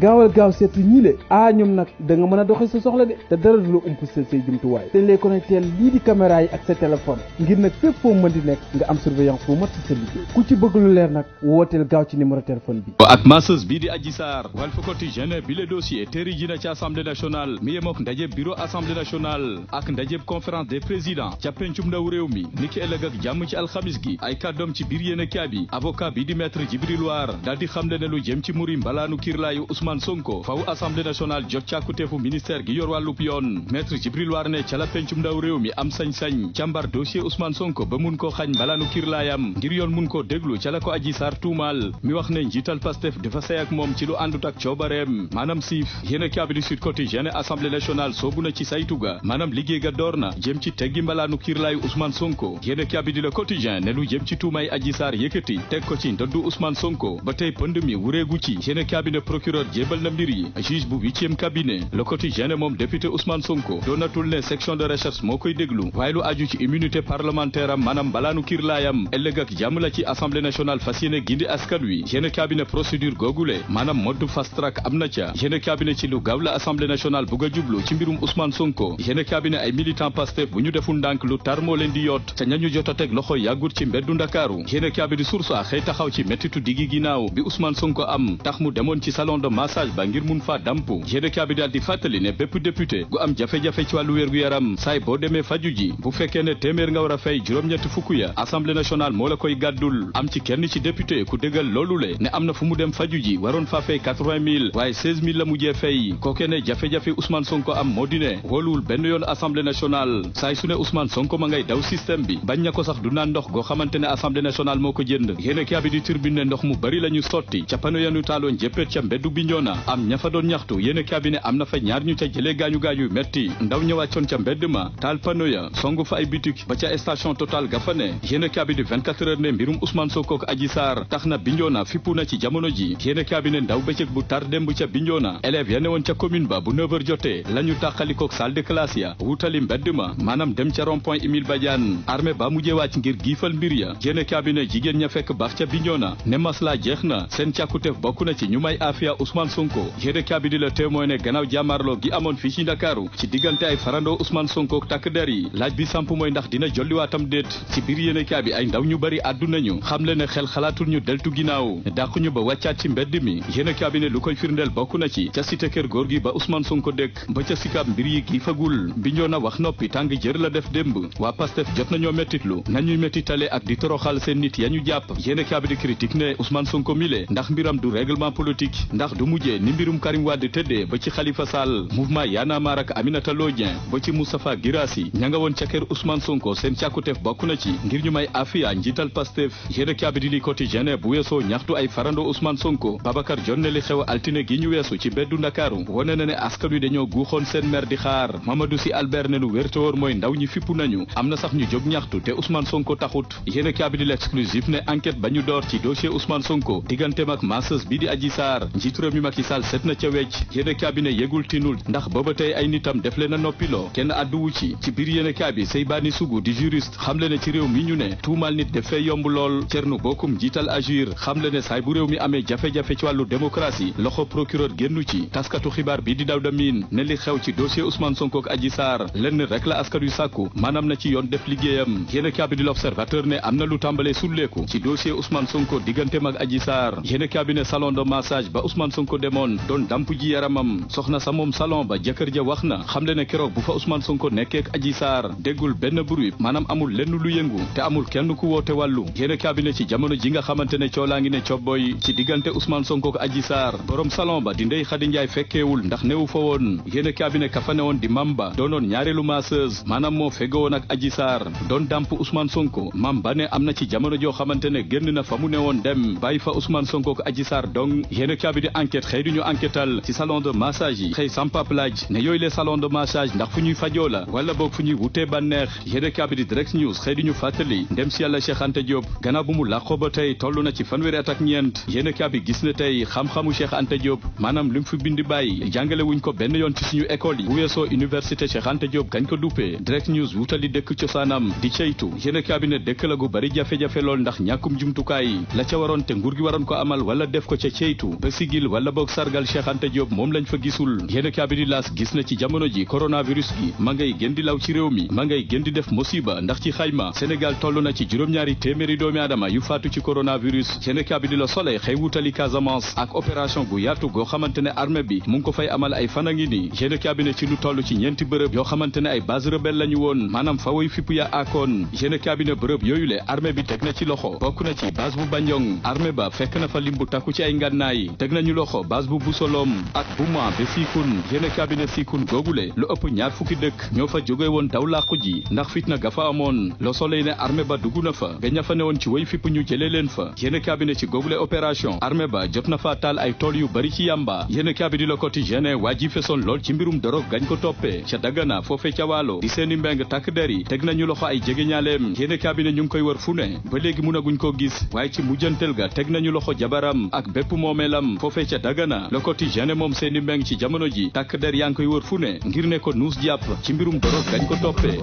gaawal gaaw seet si ñii le ah nag da nga mën a doxee sa soxla de te dara du la umpaseel say jumtuwaay dañ lay connecté lii di caméra yi ak sa téléphone ngir nag fépp foo mën di nekk nga am surveillance bu mat si sa liggéey ku ci bëgg lu leer nag wooteel gaaw ci numéro téléphone bi ak masseuse bii di Adji Sarr Walf Quotidien bi le dossier teri ji na ci assemblée nationale mi yemook ndajeb bureau assemblée nationale ak ndajeb conférence des présidents ca réew mi ni ki ëllëg ak jàmm ci alxamis gi ay kàddoom ci biir yéen a avocat bi di di xam ne lu jëm ci murim balaanu kiirlaayu Ousmane Sonko faw assemblée nationale jot càkkuteefu ministère gi yor wàllub yoon maître Djibril Warne ca la pencum ndaw réew mi am sañ-sañ càmbar dossier Ousmane Sonko ba mun koo xañ mbalaanu kirlaayam ngir yoon mun koo déglu ca la ko aji sar tuumaal mi wax ne njiital Pastef dafa sey ak moom ci lu àndut ak coobareem maanaam siif yéena kaabi du Sud Quotidien assemblée nationale soobu na ci saytu ga maanaam liggéey ga door na jëm ci teggi mbalaanu kiirlaayu Ousmane Sonko yéena kaabi di Le Quotidien ne lu jëm ci tuumay aji sar yëkkati teg ko ci ndoddu Ousmane Sonko ba tey pënd mi jébal na mbir yi juge bu huitième cabinet le quotidien moom député Ousmane Sonko doonatul ne section de recherche moo koy déglu waaye lu aju ci immunité parlementaire am maanaam balaanu kirlaayam ëllëg ak jàmm ci assemblée nationale fas gindi askan wi géne cabinet procédure googule maanaam mode fast am na ca géne cabinet ci lu gaaw assemblée nationale bugg jublu ci mbirum Ousmane Sonko géne cabinet ay militant Pastef bu ñu deful ndànk lu tar moo massage ba ngir mun faa dampu yéenekaay bi daal di fàttali ne bépp député gu am jafe-jafe ci wàllu wér yaram saay boo demee faju ji bu fekkee ne téeméer nga war a fay juróom-ñetti fukk ya assemblée nationale moo la koy gàddul am ci kenn ci député ku dëggal loolu le ne am na fu mu dem faju ji waroon faa fay 80 000 waaye 16 000 la mujjee fay kooke ne jafe-jafe Ousmane Sonko am moo di ne benn yoon assemblée nationale saay su ne Ousmane Sonko ma ngay daw système bi bañ na ko sax du naan ne assemblée nationale moo ko jënd yéenekaay bi ndox mu bari la ñu Bignona am ña fa doon ñaxtu yéen a cabinet am na fa ñaar ñu ca jëlee gaañu gaañu yu ndaw ma taal pano ya songu fa ay bitik ba a cabinet 24 na a bëccëg bu tar démb ca Bignona élèves ya ne woon ca commune ba bu 9 jotee la ñu tàqalikook salle ya wutali mbedd ma maanaam dem ca rond point Émile Badiane armée ba mujjee wàcc ngir giifal mbir ya a cabinet jigéen ña fekk baax ca Bignona ne masla jeex na seen càkkuteef bokk na ci ñu may Afia Ousmane Ousmane Sonko yéenekaay bi di la témoin ne gannaaw jàmmaarloo gi amoon fii ci Ndakaaru ci diggante ay farandoo Ousmane Sonko takk der yi laaj bi samp mooy ndax dina jolliwaatam déet ci biir yéenekaay bi ay ndaw ñu bari àddu nañu xam ne xel xalaatul ñu deltu ginnaaw ne dàq ba wàccaat ci mbedd mi yéenekaay bi ne lu koy firndeel bokk na ci ca cité góor gi ba Ousmane Sonko dëkk ba ca sikaab mbir yi gi fagul mbinjoo na wax noppi tàng jër la def démb waa di toroxal seen nit ya ñu jàpp yéenekaay mujjee ni mbirum Karim Wade tëddee ba ci Khalifa Sall mouvement Y'en a marre ak Aminata Lô Dieng ba ci Moustapha Guirassy ña nga woon ca kër Ousmane Sonko seen càkkuteef bokk na ci ngir ñu may Afia njiital Pastef yéen a kaabidi li quotidien bu weesoo ñaxtu ay farando Ousmane Sonko Babacar Dione xew altine gi ñu weesu ci beddu Ndakaaru wone na ne askan dañoo guuxoon seen mer xaar Mamadou Albert ne lu wértéwoor mooy ndaw ñi fippu nañu am na sax ñu jóg ñaxtu te Ousmane Sonko taxut a kaabidi l'exclusif ne enquête ba ñu réew mi Macky Sall set na ca wecc yéen cabinet yëgul tinul ndax booba tey ay nitam def leen a noppiloo kenn àdduwu ci ci biir yéen cabinet Seybani Sougou di juriste xam le ci réew mi ñu ne tuumal nit def yomb lool Thierno Bocoum jiital agir xam le saay bu réew mi amee jafe-jafe ci wàllu démocratie loxo procureur génnu ci taskatu xibaar bi di Daouda Mine ne li xew ci dossier Ousmane Sonko ak Adji lenn rek la askan yu sàkku maanaam na ci yoon def liggéeyam don demoon doon damp ji yaramam soxna sa moom salon ba jëkkër ja wax na xamle ne keroog bu fa Ousmane Sonko nekkee ak Adji Sarr déggul benn bruit maanaam amul lenn lu yëngu te amul kenn ku woote wàllu yéen a cabinet ci jamono ji nga xamante ne coolaa ngi ne cobboy ci diggante Ousmane Sonko ak Adji Sarr borom salon ba di Ndeye Khady Ndiaye fekkeewul ndax newu fa woon yéen a cabinet ka fa ne woon di Mamba doonoon ñaareelu masseuse maanaam moo feggowoon ak Adji don doon damp Ousmane Sonko Mamba ne am na ci jamono joo xamante ne génn na fa mu ne woon dem bàyyi fa Ousmane Sonko ak Adji Sarr dong yéen enquête xëy duñu enquêtal ci salon de massage yi xëy sampap laaj ne yooyu les salon de massage ndax fu ñuy fajoo la wala boog fu ñuy wutee bànneex yéene kabidi direct news xëy duñu fàttali ndem si yàlla Cheikh Anta Diop mu làqoo ba tey toll na ci fanweeri at ak ñeent yéene kabi gis na tey xam-xamu Cheikh Anta maanaam li mu fi bindi bàyyi jàngale wuñ ko benn yoon ci suñu école yi bu weesoo université Cheikh Anta Diop gañ ko duppee direct news wutali dëkk cosaanam di ceytu yéene kabine dëkk la gu bari jafe-jafe lool ndax ñàkkum jumtukaay la ca waroon te nguur gi waroon ko amal wala def ko ca ceytu ba sigil wala boog sargal Cheikh Anta Diop moom lañ fa gisul yéena kaa bi di laas gis na ci jamono ji coronavirus gi ma ngay gën di law ci réew mi ma ngay gën di def musiba ndax ci xayma Sénégal toll na ci juróom-ñaari téeméeri doomi aadama yu faatu ci coronavirus yéena kaa bi di la Soleil xëy wutali Casamance ak opération gu yaatu goo xamante ne armée bi mu ngi ko fay amal ay fan a ngi nii yéena kaa bi ci lu toll ci ñeenti bërëb yoo xamante ne ay base rebelle lañu woon maanaam fa way fippu ya yooyu le bi na ci loxo bokk na ci base ba fekk na ci ay ngànnaay loxo base bu busolom ak bu ma bi siikun yéene cabinet siikun googule lu ëpp ñaar fukki dëkk ñoo fa jóge woon daw làqu ji ndax fitna ga amoon Le Soleil ne armée ba dugg na fa ga ña fa ne woon ci way fipp ñu jëlee leen fa yéene cabinet ci googule opération armée ba jot na fa taal ay tool yu bari ci yamba gañ ko toppee ca Dagana foofe ca Waalo di seeni mbeng takk der teg nañu loxo ay jege ñaaleem yéene koy wër fu ne ba léegi mënaguñ koo gis waaye ci mujjantel ca Dagana le quotidien ne moom seeni mbeng ci jamono ji takk der yaa ngi koy wër fu ne ngir ne ko nuus jàpp ci mbirum dorog dañ ko toppee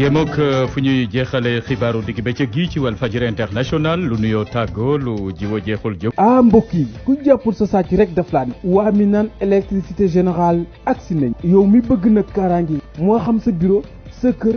yéemook euh, fu ñuy jeexale xibaaru digg ca gi ci Walfadjri international lu nuyoo tàggoo lu jiwo jeexul jóg ah mbokk yi ku jàppul sa sàcc rek daf laa ne waa mi naan électricité générale agsi nañ yow mi bëgg na kaaraange moo xam sa biro sa kër